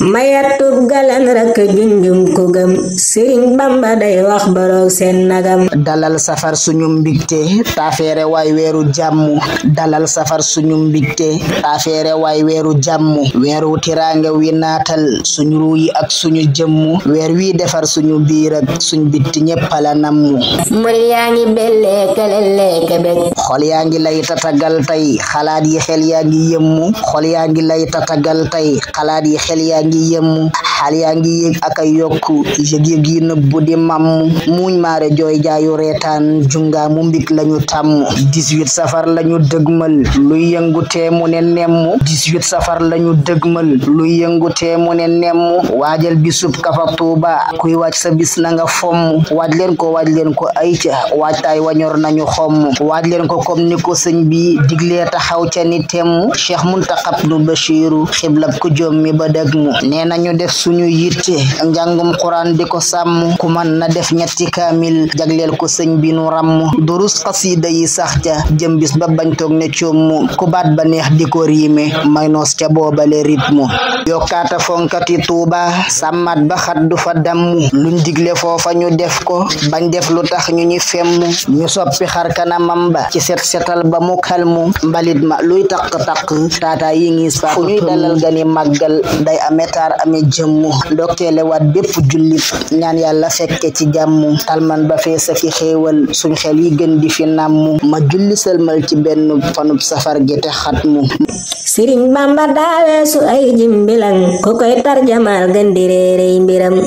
mayatub galan rakk junjum ku gëm sëriñ bamba day wax boroog seen nagam dalal safar suñu mbigte taafeere waay weeru jàmm dalal safar suñu mbigte taafeere waay weeru jàmm weeru tiraange wi naatal suñu ruuyi ak suñu jëmmu weer wi defar suñu biir ak suñ bitti ñëpp la nammu murit yaa ngi bellee kelellee kebek xol yaa ngi lay tatagal tay xalaat yi xel yaa ngi yëmmu xol yaa ngi lay tatagal tay xalaat yi xel yaa yaa ngi yem xaal yaa ngi yéeg ak a yokk yëg-yëg yi nëbbu di mam mu muñ maare jooy jaayu reetaan jungaa mu mbig lañu tàmm 18 safar lañu dëgmal luy yëngu tee mu ne nemm 18 safar lañu dëgmal luy yëngu tee mu ne nemm waajal bisub kafa tuuba kuy wàcc sa bis na nga fomm waaj leen ko waaj leen ko ayca waajtaay wañor nañu xomm waaj leen ko comme ni ko sëñ bi diglee taxaw ca ni temm cheikh muntaxab nu bashiru xiblab ku jom mi ba dëgmu nee na ñu def suñu yitte njàngum quran di ko sàmm ku man na def ñetti kaamil jagleel ko sëñ biinu ràmm durus xasida yi sax ca jëmbis ba bañ toog ne mu ku baat ba neex di ko riime may noos ca boobale rythme yokata fonkati tuba samad ba xaddu fa dam luñ bandef fofa ñu def ko bañ def lu tax ñu ñi femmu ñu soppi xar kana mamba ci set setal ba mu kalmu mbalit ma luy tak tak tata yi ngi sa ñuy dalal gani maggal day ame taar ame jëmmu ndokkeele wat bépp jullit ñaan yalla fekke ci jamm talman ba sa fi xéewal suñ xel yi gën di fi nàmm ma julli selmal ci benn fanu safar gi te xatmu mamba dawe su ay jimbe bilang ko koy tarjamal gandire re imbiram